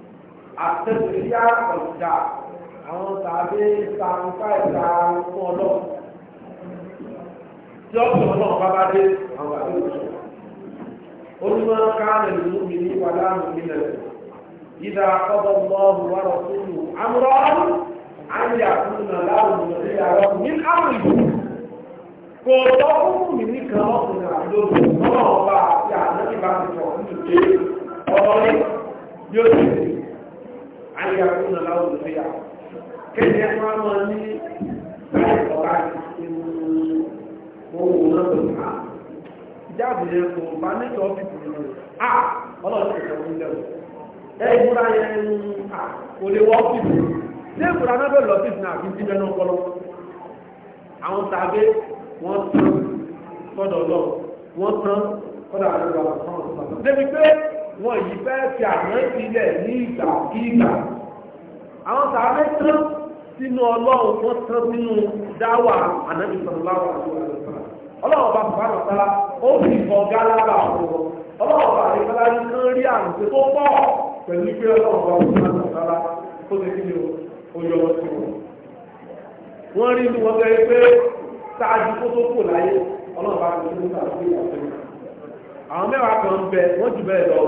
àtẹ̀síyá ọ̀jà àwọn tàbí sàǹfà ìta fún ọlọ́run tí ọ̀sán ọlọ́run bá bá dé àwọn àti òṣèlú onímọ̀ káàmì ló mi ní wàlá mi nílẹ̀ ìdá ọ̀dọ̀ lọ́ọ̀hùn wà lọ sí ìlú àmúrọ̀ àyà fún ìlàláwùn ní àwọn ní àwọn ìlú kò tọ́ fún mi nìkan ọkùnrin àti lóbi ọlọ́run bá àti àná ìbáṣepọ̀ nítorí ọ̀rọ̀ yóò ṣe ayé akúnà láwùjọ sí yà kéde ẹ̀fọ́ àwọn ní ọ̀rá ìsinmi wọn wò náà tó ká jáde yẹn kò bá nítorí ọ́fíìsì yẹn a ọlọ́run ti sọ fún lẹ́wọ̀ ẹ ìmúra yẹn kò lè wọ ọ́fíìsì ṣé ìmúra náà bẹ̀rẹ̀ lọ́fíìsì náà àbí ti bẹ́ẹ̀ náà kọ́ lọ́wọ́ àwọn tàbí wọ́n tán sọ́dọ̀ lọ wọ́n tán kọ́dà àdúgbò àwọn kan ọ̀sán débi pé wọn yìí fẹ́ fi àmọ́ ìpìlẹ̀ ní ìgbà kí ìgbà àwọn sàárẹ́ tán sínú ọlọ́run wọ́n tán sínú dáwà ànábì sallallahu alaihi wasallam ọlọ́run bá bàbá àtàlá ó fi ọ̀gá lára àwọn ọlọ́run bá àtàlá ní kán rí àrùn tó pọ̀ pẹ̀lú pé ọlọ́run bá bàbá àtàlá ó ti kí ni ó yọ ọ́ sí wọn. wọ́n rí inú wọn bẹ́ẹ̀ pé sáájú kó tó kò láyé ọlọ́run bá ti kí ni ó yọ àwọn mẹ́wàá kan ń bẹ wọ́n jù bẹ́ẹ̀ lọ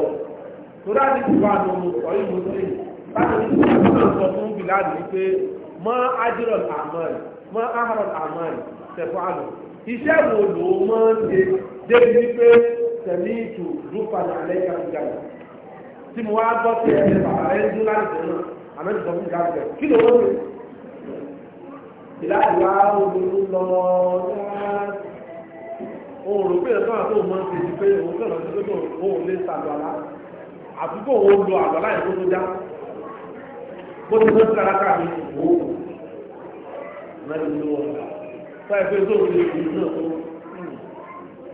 torí àdìsí wà nù ọ̀yìn mùsùlùmí láti ní ìgbà sọ fún bìláàdì wípé mọ́ ájírọ̀ àmọ́ẹ̀ mọ́ áhàrọ̀ àmọ́ẹ̀ tẹ̀fọ́ àlọ́ iṣẹ́ wo ló mọ́ ṣe débi wípé tẹ̀mí ìtù rúfàlà àlẹ́kà ìjà tí mo wá gbọ́ sí ẹ̀ṣẹ̀ bàbá rẹ̀ ń dún láti tẹ̀ náà àmọ́ ìjọba ìjà rẹ̀ kí ló wọ́n ṣe ìlàjì wa obìnrin lọ òun rò pé ẹ̀ka àti òun máa ń ṣe ti pé òun kàn lọ sí pé òun lè ṣàlọ́ àlá àdúgbò wo lo àlọ́ láì tó tó bó ti tó kára káàdì wò ó mẹ́rin ló wọ̀ sọ ìfẹ́ tó fi lè fi náà tó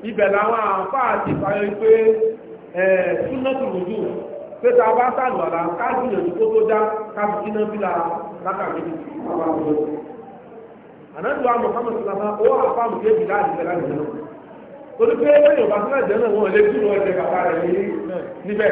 ibẹ̀ làwọn àǹfààní ti e pé súnà tó lójú pé tá a bá sàlù àlà káàdì ìyẹ̀dù tó tó dá káàdì kíná bí la lákàtí àwọn àwọn ọmọ ànájúwà Muhammad sallama ó torí pé ẹgbẹ́ Yorùbá sílẹ̀ jẹ́ náà wọ́n rẹ̀ níbẹ̀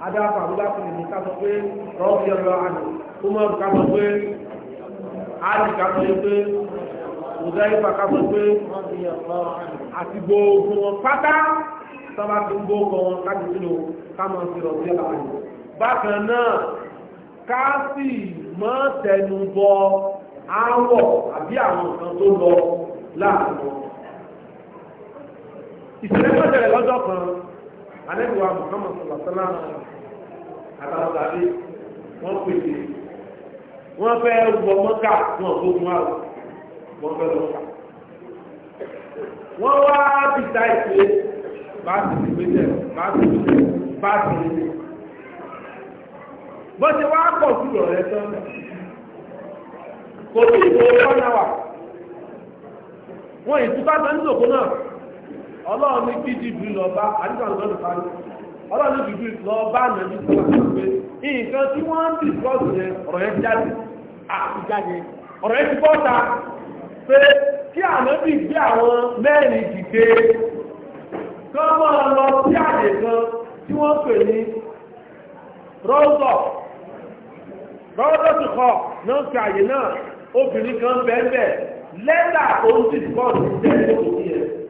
adáfà abúgbàkùn ní ká sọ pé rọ́ọ̀fì ọ̀rọ̀ àná ó mọ̀ ká sọ pé áàdì ká sọ pé òdáyífà ká sọ pé àti gbogbo wọn pátá sábà tó ń bó kọ wọn kájú sínú ká mọ̀ sí rọ̀ọ̀fì ọ̀rọ̀ àná bákan náà ká sì mọ́ tẹnu bọ áwọ̀ àbí àwọn nǹkan tó lọ láàrin wọn ìṣẹ̀lẹ̀ mọ́tẹ̀lẹ̀ lọ́jọ́ kan anẹ́gbẹ̀wá Muhammad sọ̀lọ́sọ́lá àtàwọn tàbí wọ́n pèsè wọ́n fẹ́ wọ mọ́kà wọn gbógun àrùn wọ́n fẹ́ lọ kà wọ́n wá bìtá ìpè báàsì ti gbé báàsì ti gbé báàsì ti gbé bó ṣe wá pọ̀ sí ìrọ̀lẹ́ tán kò sí ìgbòho náà wà wọ́n ìtúkà tán ní òkú náà ọlọ́run ní kí jìbìrì lọ bá àdúgbò lọ́dún parí ọlọ́run ní jìbìrì lọ bá nàbí tó wà pé nǹkan tí wọ́n ń bì kọ́ọ̀sì yẹn ọ̀rọ̀ yẹn jáde àtijáde ọ̀rọ̀ yẹn ti bọ́ta pé kí ànábì gbé àwọn mẹ́rin dìde kán máa lọ sí àyè kan tí wọ́n pè ní rọ́ńdọ̀ rọ́ńdọ̀ tó kọ̀ náà fi àyè náà obìnrin kan bẹ́ẹ̀ bẹ́ẹ̀ lẹ́tà tó ń bì kọ́ọ̀sì jẹ́ ìdókòwò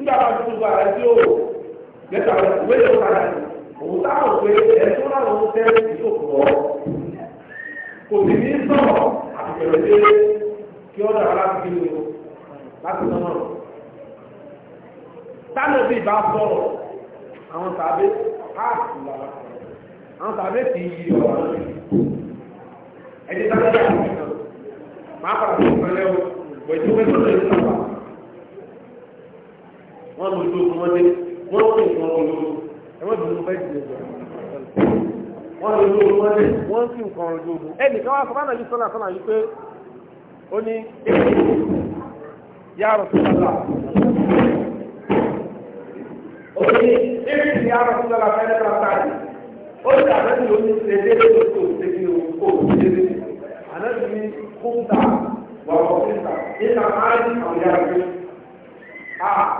nígbà bá tó gbogbo àrẹ tí ó lẹ́tà ìwé yóò kára ní òun táwọn pé ẹ̀tọ́ láwọn ń tẹ́ yóò pọ̀ kò sì ní sọ̀rọ̀ àtìkẹ̀rẹ̀ dé kí ọ̀dọ̀ ara ti kí ló láti sọ̀rọ̀ táwọn bí ìbá sọ̀rọ̀ àwọn tàbí káàkiri lára àwọn tàbí ti yí ọ̀rọ̀ ẹ̀jẹ̀ táwọn bí ìbá sọ̀rọ̀ máa pàtàkì ìpínlẹ̀ ògbẹ̀jú mẹ́tọ́lẹ̀ ìpínlẹ̀ wọ́n mú ìlú ogun wọ́n dé wọ́n pè fún ọkọ̀ lóru ẹ̀wọ́n ìlú ogun fẹ́ jù lọ. wọ́n lè lóru wọ́n dé wọ́n sì nǹkan ọ̀rọ̀ ojú ogun. ẹnìkan wá sọ bá nàbí sọ́nà sọ́nà yìí pé ó ní yàrá tó ó ní ẹ̀rí ti yàrá tó lọ́la fẹ́ẹ́ lọ́la káàdì. ó ní àbẹ́bí ló ní ṣe dé lóko tó ṣe kí o kó o ṣe dé. ànábì ní kúńtà wà wọ́n kúńtà nígbà máa ń àwọn yàrá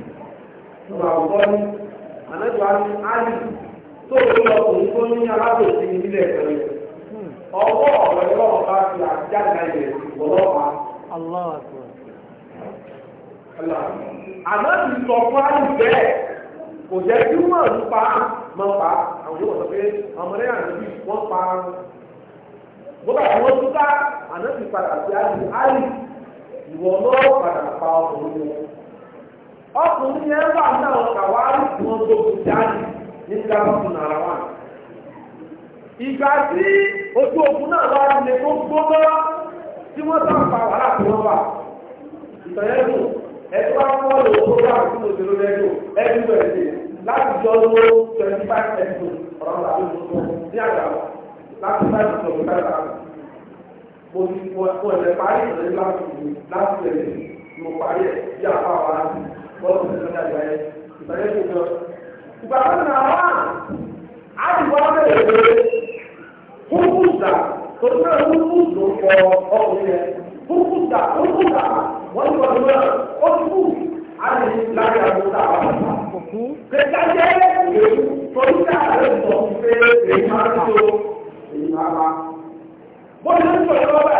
ìgbà ọ̀gbọ́n ní ànájọ́ àti áyì tó ń lọ òun tó ní alábòsí nílẹ̀ pẹ̀lú ọwọ́ ọ̀rọ̀ ẹ̀rọ ọba ti àjáde ilẹ̀ ìwọlọ́pàá. àmọ́ ti sọ fún áyì bẹ́ẹ̀ kò jẹ́ kí wọ́n ń pa mọ́ pa àwọn yóò sọ pé wọ́n pa bóbá wọ́n tún ká àná padà sí áyì áyì ìwọ padà pa ọkùnrin ọkùnrin yẹn wà náà kàwárí wọn tó kù dání ní gáàsì nàrà wà. ìgbà tí ojú òkun náà wà lè tó gbóná tí wọ́n sá pa wàhálà tó wọ́n wà. ìtọ̀yẹ́ lò ẹ̀tọ́ bá wọ́n lò ó bá àti mo ṣe ló lẹ́jọ́ ẹ̀dú bẹ̀rẹ̀ sí láti jọ lọ twenty five percent ọ̀rọ̀ làwọn olùkọ́ ní àgbà láti five percent ọ̀rọ̀ làwọn mo ti fọ ẹ̀rẹ̀ parí ìrẹ̀lẹ̀ láti ìlú láti ẹ̀rẹ̀ mo parí ẹ̀ bí àpá wa láti wọ́n ti sọ́kà ìbàdàn ìbàdàn ti sọ. ìgbàgbọ́ nà wá àdìgbò abẹ́rẹ́ rẹ̀ kúkúta tó ń bẹ̀rẹ̀ kúkúta fọ ọkùnrin yẹn kúkúta kúkúta wọ́n ti wọ́n ti wọ́n ó ti kú àti láti àbúrò àwọn àbàtà. kẹta jẹ́ èyí tó ń dá àlẹ́ sọ pé èyí máa ń tó èyí máa bá. bó ń sọ̀rọ̀ lọ́wọ́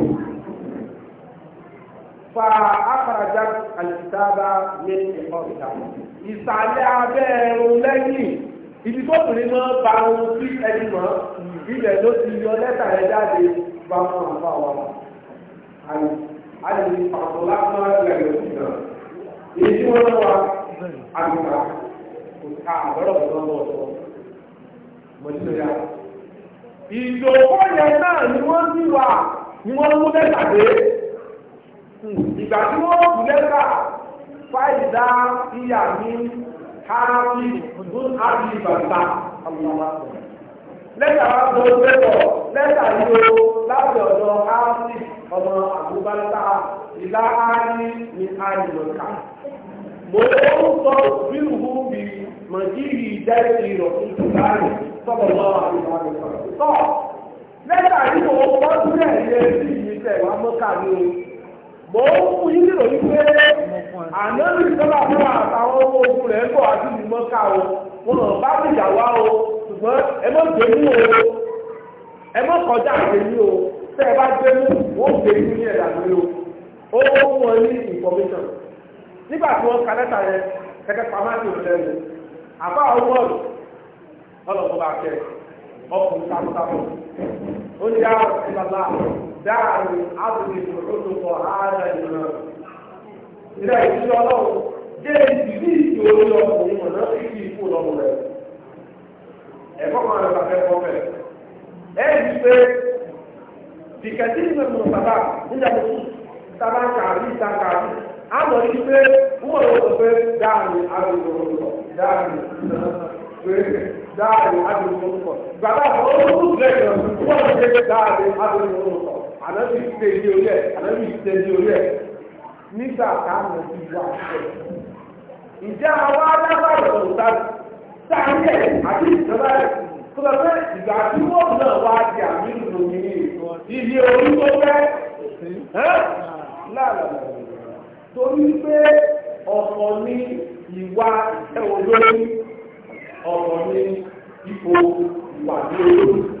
fa akarajà alìsàbà ní ọ̀sà ìsàlẹ̀ abẹ́ ẹ̀rùn lẹ́yìn ibi tó kùnrin mọ́ bá ohun tí ẹni mọ́ ilẹ̀ ló ti yọ lẹ́tà rẹ̀ jáde bá fún àpá wa àyè pàtó lásán ẹgbẹ̀rẹ̀ òsì náà èyí tí wọ́n wá àgbà kò ká àbọ̀rọ̀ ọ̀dọ́ lọ́wọ́ mọ̀tíṣẹ́yà ìjòkó yẹn náà ni wọ́n ti wà ni wọ́n mú lẹ́tà dé ìgbà tí wọ́n kù lẹ́tà fáìdá ìyá mi hárápì ọdún ábí bàtà lẹ́tà wa sọ pẹ́tọ̀ lẹ́tà yìí o láti ọ̀dọ̀ ábí ọmọ àbúbátà ìlà áyí ní àyìnbọ̀ká mo ń sọ bíhù bí màjírí ìdẹ́sí rọ̀ nígbà sọ́kọ̀ lọ́wọ́ àbúbátà tọ́ lẹ́tà yìí o wọ́n tún ẹ̀ yẹ sí ìgbésẹ̀ wa ní o. bọ̀ ń fún yín nílò yín pé ànábì sọ́lá fún àtàwọn ọmọ ogun rẹ̀ bọ̀ àti ìgbìmọ̀ ká o mo lọ bá wá o ṣùgbọ́n ẹ o ẹ mọ̀ kọjá gbé o tẹ́ ẹ bá gbé mú wọ́n gbé mú ní ẹ̀dá mi o ó fún wọn ní information nígbà ka lẹ́tà yẹn kẹ́kẹ́ àbá ọkùnrin ó ní yá dáàrú ábùdí ìrọ̀lọ́pọ̀ ara ìrọ̀. Ìlà ìṣúná náà jẹ́ ìdílé ìṣòro ọkùnrin mọ̀ náà sí ìfún rẹ̀. Ẹ̀kọ́ kan rẹ̀ bàbá ẹ̀kọ́ bẹ̀. Ẹ ti pé bàbá nígbà tó kù sábà kàrí A mọ̀ pé wọ́n sọ pé dáàrin Bàbá àwọn wọ́n ti dáàrin ànábì ṣe ní orí ẹ̀ ànábì ṣe ní orí ẹ̀ nígbà táwọn ti wà ṣẹ̀. ìjà wa lágbàdo ọ̀tá sáré àti ìjọba rẹ̀ tó pé ìgbà tí wọ́n náà wá di àmì ìròyìn yìí iye orí tó fẹ́ láàlọ́ torí pé ọ̀pọ̀ ní ìwà ìtẹ́wọ́ lórí ọ̀pọ̀ ní ipò ìwà lórí.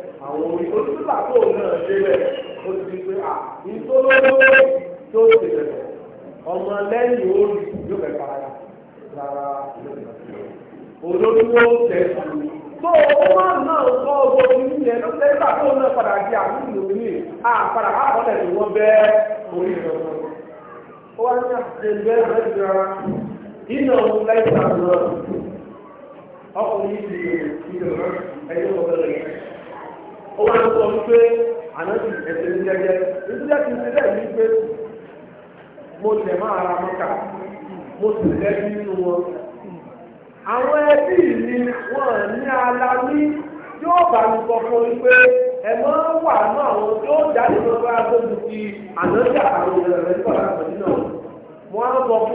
àwọn orin tó ti là tó ó ti pé à ní tó tó ti bẹ̀rẹ̀ ọmọ lẹ́yìn orí yóò fẹ́ fara lára olódúró tẹ̀sán tó owó náà kọ́ ọgbọ́n orí yẹn ló fẹ́ gbà tó náà padà di àbúrò lómi àpàdà àbọ̀lẹ̀ ni wọ́n bẹ́ orí rẹ̀ ó wá ní àtẹ̀lẹ́ rẹ̀ jọra ọ̀hún láìpẹ́ àbúrò ọkùnrin yìí ti ẹ̀yọ́ ọ̀bẹ̀rẹ̀ yẹn. ó sọ wípé ní ìdílé ti ṣe bẹ́ẹ̀ ní pé mo tẹ̀ ra mọ́kà mo sì lẹ́bí nínú wọn. àwọn ẹbí mi wọn ní yóò bá mi ẹ wà náà lọ́wọ́ agbóhùn àtàwọn rẹ̀ nípa mo á fún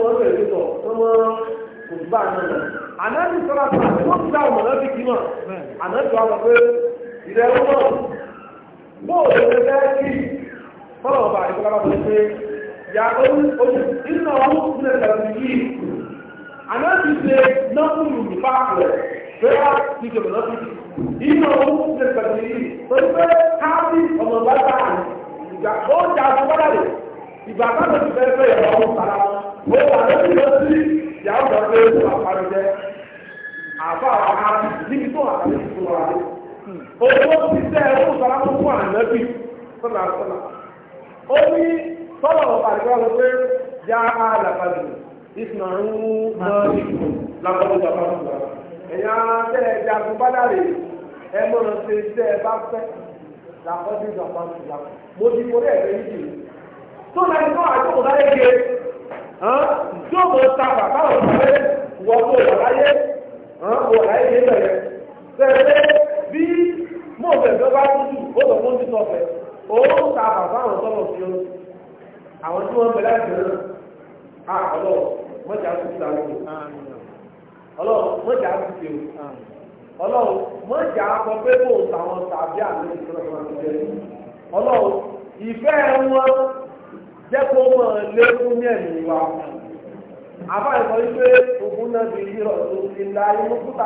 ọ lóye tó tó mọ́ kò bá náà ìrẹ̀lú náà bóò lè lè bẹ́ẹ̀ kí fọ́nà ọba àdìgbọ́lá bọ̀ pé ya oṣù nínú ọmọ ìpínlẹ̀ ìgbàlódé yìí àná ti ṣe nọ́ọ̀kùnrin nípa rẹ̀ pé wá ti ṣe lọ́sí nínú ọmọ ìpínlẹ̀ ìgbàlódé yìí tó ń pẹ́ káàdì ọmọ ìgbà táà ìgbà ó jà àgbọ́dá rẹ̀ ìgbà táwọn ti fẹ́ fẹ́ ìyàwó sára ó wà lórí lọ́sí ìyàwó ìgbàlódé àpárẹ̀ jẹ́ àbá àwọn ará níbi tó àtàlẹ́ ìṣòro àlẹ́ owó títẹ owó sọlá tó fún ànábì sọlá sọlá ó ní sọlá ọ̀pá àdìgbà lọ pé yá á làbàdì ìsìnàrú náà ní làbàdì bàbá mi ẹ̀yà tẹ̀lé ẹ̀jẹ̀ àgùnbádàrè ẹ̀ mọ̀nà ṣe tẹ́ ẹ bá fẹ́ làbàdì bàbá mi làbàdì mo ti mo dẹ̀ fẹ́ yìí tó lẹ́nu náà àjọkò láyé ge tó mo ta bàbá òṣèré wọ́pọ̀ wọ̀ láyé wọ̀ láyé yé bí mọ̀ọ́fẹ́ tó bá dúdú ó lọ fún títọ́ fẹ́ òun ta bàbá àwọn tọ́lọ̀ sí o àwọn tí wọ́n bẹ̀rẹ̀ àjẹ́ náà à ọlọ́ọ̀ mọ́jà kú sí àwọn ọlọ́ọ̀ mọ́jà kú sí o ọlọ́ọ̀ mọ́jà kọ pé kò táwọn tàbí àlejò tó lọ́ọ́ tó jẹ́ ọlọ́ọ̀ ìfẹ́ wọn jẹ́ kó mọ̀ lékún ní ẹ̀mí wa àbá ìsọ wípé ògùn náà ti yí ọ̀dọ́ ìlà inú kúta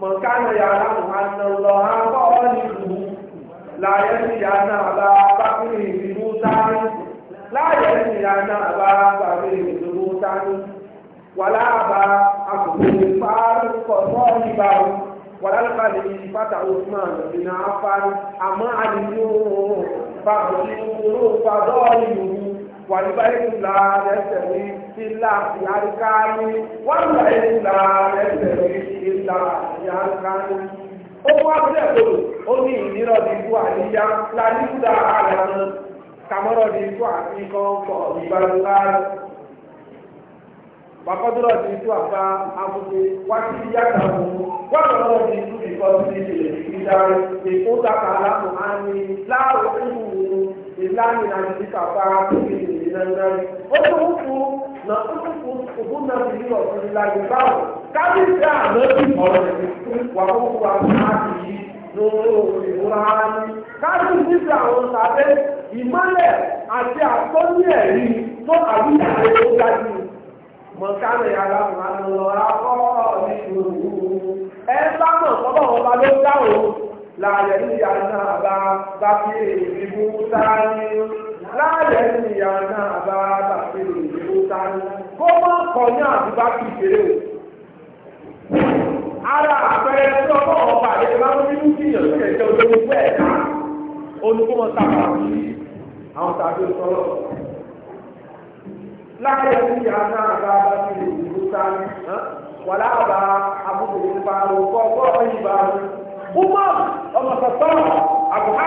mọ̀kánà yàrá mọ̀hánà lọ àbọ̀ nìlú láyé ní yàrá àbá bákìrì ìlú sáárì láyé ní yàrá àbá bákìrì ìlú sáárì wàlá àbá àkùnrin fáárì kọ̀ọ̀tọ́ ìbáwò wàlá lọ́pàá lè yí pátá Usman ìnà afárí àmọ́ àdìsí òun bàbá والبيت لا يستوي إلا خياركان والبيت لا يستوي إلا خياركان ó wá sí ẹ̀kọ́lù ó ní ìnira ọdún ikú àyíyá lálíkúdà àlànà kàmọ́rọ̀ ọdún ikú àti kọ́ńkọ́ ìgbàlá wàkọ́dúrọ̀ ọdún ikú àbá abúlé wá sí ìyá kàwọn wàkọ́dúrọ̀ ọdún ikú ìkọ́ sí ilé ìdárí èkó dàkà láàmú àmì láàrú ìlú ìlànà àti ìkàfà ìlú iná náà ó tó ń fún na ó tó fún òkú náà ti ní ọ̀sán ìlà ìbáwò kábíyèsí àná ti ọ̀rọ̀ rẹ̀ wà ó wà láti yí lórí òkè ńlá ní kábíyèsí àwọn sábẹ́ ìmọ́lẹ̀ àti àtọ́jú ẹ̀rí tó àwíyàwó tó dájú mọ̀kánì aláàmúhánú akọ́ ìṣòro ẹ bá mọ̀ sọ́bọ̀ wọn bá ló dáhùn láàyè ní ìyá náà àbárábà pẹ̀lú ìlú sáré kó má kọ ní àdúgbà kì í ṣeré o. ara àpẹẹrẹ tí ọkọ ọba àdéhùn bá tóbi ní kí ìyàn sílẹ̀ jẹ́ olórí fún ẹ̀ka olùkọ́mọ sábà sí àwọn tàbí sọ́rọ̀. láàyè ní ìyá náà àbárábà pẹ̀lú ìlú sáré wàlá àbá abúlé ìbáru kọ́ ọ̀gbọ́n ìbáru. umar ọmọ sọ̀tọ́ àbúhá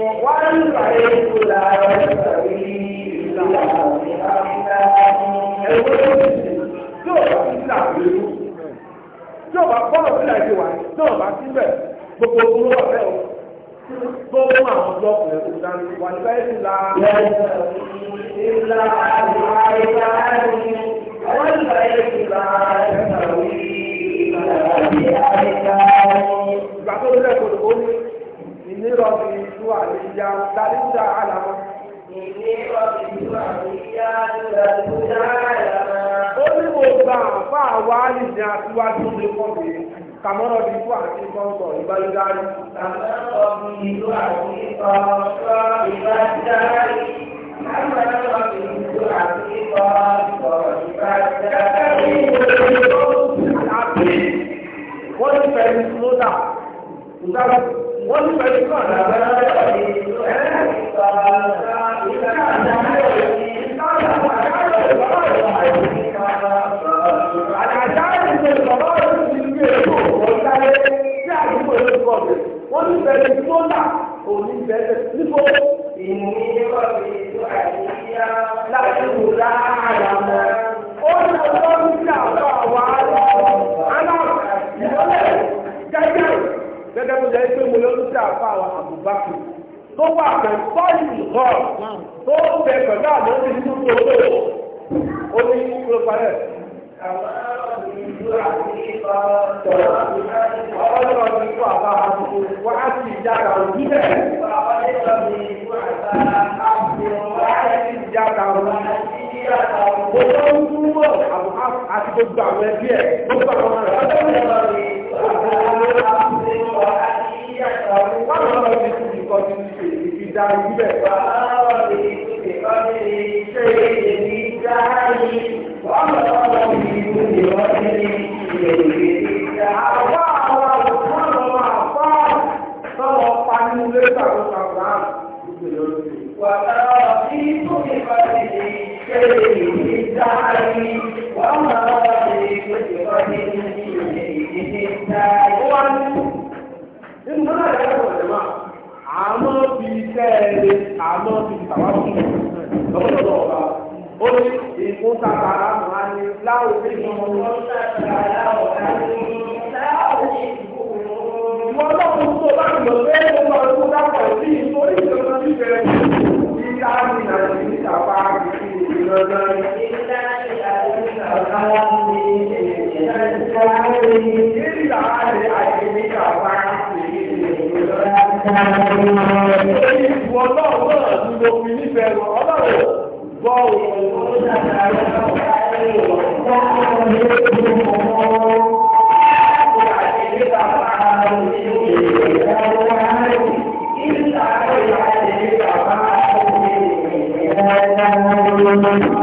Jọba bọ́ọ̀lù sílẹ̀ ti wà ní, jọba síbẹ̀ gbogbo owó wà fẹ́ o. Gbogbo àwọn blọ́ọ̀kù rẹ̀ kò dání wà ní báyìí ti la. Ìlà àlùmá ìlà àlùmí, wọ́n ń báyìí ti la ẹ̀ka wí. Ìlà àlùmá ìlà àlùmí. Ìgbà tó lẹ́kọ̀ọ́ ló ní ìní rọ̀bì ìlú àríyá lálẹ́jà àlàmọ́. ìní rọ̀bì ìlú àríyá lálẹ́jà àlàmọ́. ó ní mo gbà fún àwa àlìjẹ àtiwájú mi kọ́ mi kàmọ́rọ̀ bí fún àti kọ́ńtọ̀ ìbálòdárí. kàmọ́rọ̀ bí ìlú àti kọ́ńtọ̀ ìbálòdárí. kàmọ́rọ̀ bí ìlú àti kọ́ńtọ̀ ìbálòdárí. wọ́n ti fẹ́ẹ́ ní sọ́dà wọ́n ní pẹ̀lú kan náà bẹ́ẹ̀ ni ẹ̀ wọ́n ní bẹ̀rẹ̀ tí wọ́n dà òní bẹ̀rẹ̀ níbo. ìní wọ́n fi tó àyíká láti wò láàárọ̀ mọ́. ó ní ọjọ́ ní àwọn àwọn àlọ́ aláàbò ìwọlé gẹ́gẹ́ gẹ́gẹ́ bó jẹ́ pé mo lọ́dún sí àfa àwọn àbùbákù tó wà pẹ̀lú bọ́ọ̀lù gọ́ọ̀ tó ń bẹ pẹ̀lú àmọ́ ti ní tó tó ó ní kúrò parẹ́. Ọlọ́run ní kó àbá àbùkù wá sí ìjára òbí bẹ̀. Ọlọ́run ní kó àbá àbùkù wá sí ìjára òbí bẹ̀. Gbogbo ń túbọ̀ àti gbogbo àwọn ẹbí ẹ̀ gbogbo àwọn ọ̀rẹ́. àmọ́ ti fi tàwa sí lọ́wọ́lọ́wọ́ ọba ó ní ìkún tàbá àmọ́ á ní láwọn òbí ìṣọmọ wọn tàbá láwọn ọ̀gá ní láwọn ìṣòro. wọn lọ́kùn tó bá lọ pé ó lọ sí dápọ̀ sí ìsorí ìṣòro ti bẹ̀rẹ̀ sí láàrin àti ìtàpá àti ìrọ̀lọ́ Ìlànà àti àìsíkà wá Ìwọ náà náà ni mo Thank you.